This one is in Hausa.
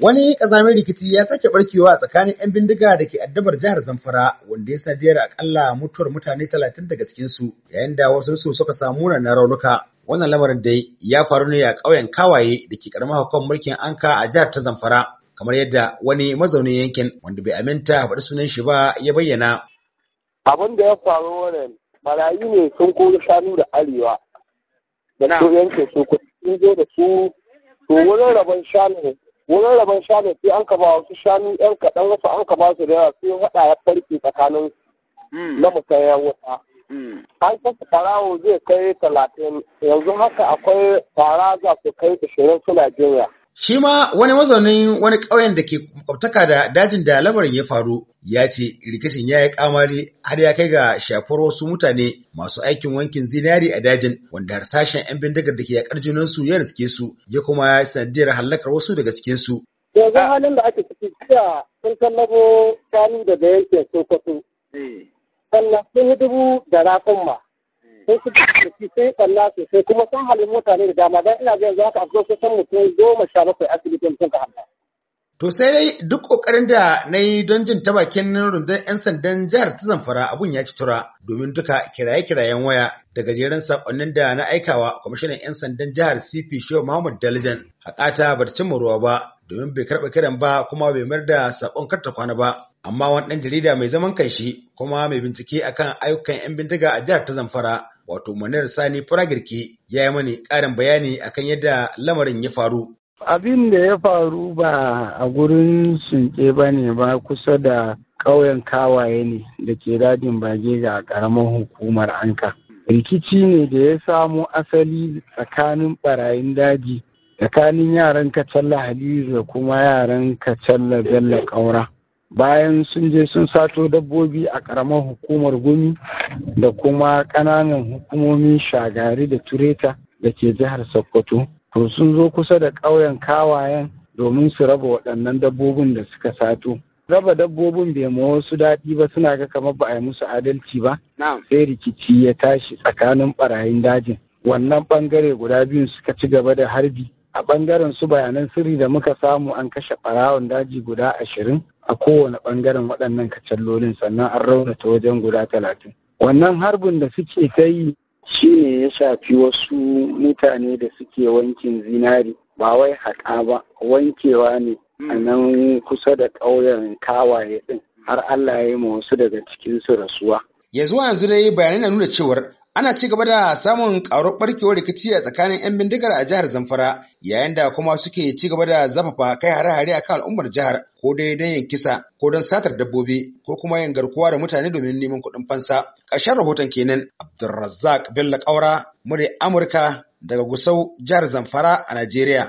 Wani ƙazamin rikici ya sake barkewa a tsakanin 'yan bindiga da ke addabar jihar Zamfara wanda ya sadiyar akalla mutuwar mutane talatin daga cikinsu yayin da wasu su suka samu na raunuka. Wannan lamarin dai ya faru ne a ƙauyen Kawaye da ke ƙaramar hukumar mulkin Anka a jihar ta Zamfara kamar yadda wani mazaunin yankin wanda bai aminta faɗi sunan shi ba ya bayyana. Abin da ya faru wannan marayu ne sun kori shanu da arewa da su yankin su sun zo da su to wurin rabon shanu wurin rabon shanu sai an kama wasu shanu yan kaɗan wasu an kama su da yawa sai haɗa ya farke tsakanin hmm. na musayar wuta hmm. an kasa farawo zai kai talatin yanzu haka akwai fara za su kai ashirin suna jinya Shi ma wani mazaunin wani ƙauyen da ke kwabtaka da dajin da lamarin ya faru ya ce rikicin ya yi kamari har ya kai ga shafar wasu mutane masu aikin wankin zinari a dajin wanda harsashen 'yan bindigar da ke yakar junansu ya riske su ya kuma ya sanadiyar halakar wasu daga cikinsu. Yanzu halin da ake ciki jiya sun kallabo shanu daga yankin Sokoto. Eh. Sannan sun yi dubu da raƙumma. sai su ci sai ɓanna sosai kuma sun halin mutane da dama don ina jin za ka afko kusan mutum goma sha bakwai asibitin sun ka hada. To sai dai duk ƙoƙarin da na yi don jin ta bakin rundunar 'yan sandan jihar ta zamfara abun ya ci tura domin duka kiraye-kirayen waya da gajeren saƙonnin da na aikawa kwamishinan 'yan sandan jihar CP Shehu Muhammad Dalijan haƙata ba ta cimma ruwa ba domin bai karɓa kiran ba kuma bai mayar da sakon karta kwana ba. Amma wani ɗan jarida mai zaman kanshi kuma mai bincike akan ayyukan 'yan bindiga a jihar ta zamfara wato manar sani firagirki ya yi mani ƙarin bayani akan yadda lamarin ya faru abin da ya faru ba a gurin sunke ba ne ba kusa da ƙauyen kawaye ne da ke dajin bage ga ƙaramin hukumar anka rikici ne da ya samo asali tsakanin ɓarayin daji tsakanin yaran kacalla halilu da kuma yaran kacalla bello ƙaura bayan sun je sun sato dabbobi a ƙaramar hukumar gumi da kuma ƙananan hukumomin shagari da tureta da ke jihar sokoto to sun zo kusa da ƙauyen kawayen domin su raba waɗannan dabbobin da suka sato raba dabbobin bai ma wasu daɗi ba suna ga kamar ba a yi musu adalci ba sai rikici ya tashi tsakanin barayin dajin wannan ɓangare guda biyun suka ci gaba da harbi a ɓangaren su bayanan sirri da muka samu an kashe ɓarawon daji guda ashirin a kowane ɓangaren waɗannan kacallolin sannan an raunata wajen guda talatin wannan harbin da suke ta yi shi ne ya shafi wasu mutane da suke wankin zinari ba wai haƙa ba wankewa ne a hmm. nan kusa da ƙauyen kawaye ɗin har Allah ya yi ma wasu daga cikinsu rasuwa. Yanzu yanzu dai bayanai na nuna cewar ana ci gaba da samun ƙaruwar barkewar rikici a tsakanin 'yan bindigar a jihar zamfara yayin da kuma suke ci gaba da zafafa kai hare-hare a kan al'ummar jihar ko dai don yin kisa ko don satar dabbobi ko kuma yin garkuwa da mutane domin neman kuɗin fansa ƙarshen rahoton kenan abdulrazzaq bello Kaura, murya amurka daga gusau jihar zamfara a najeriya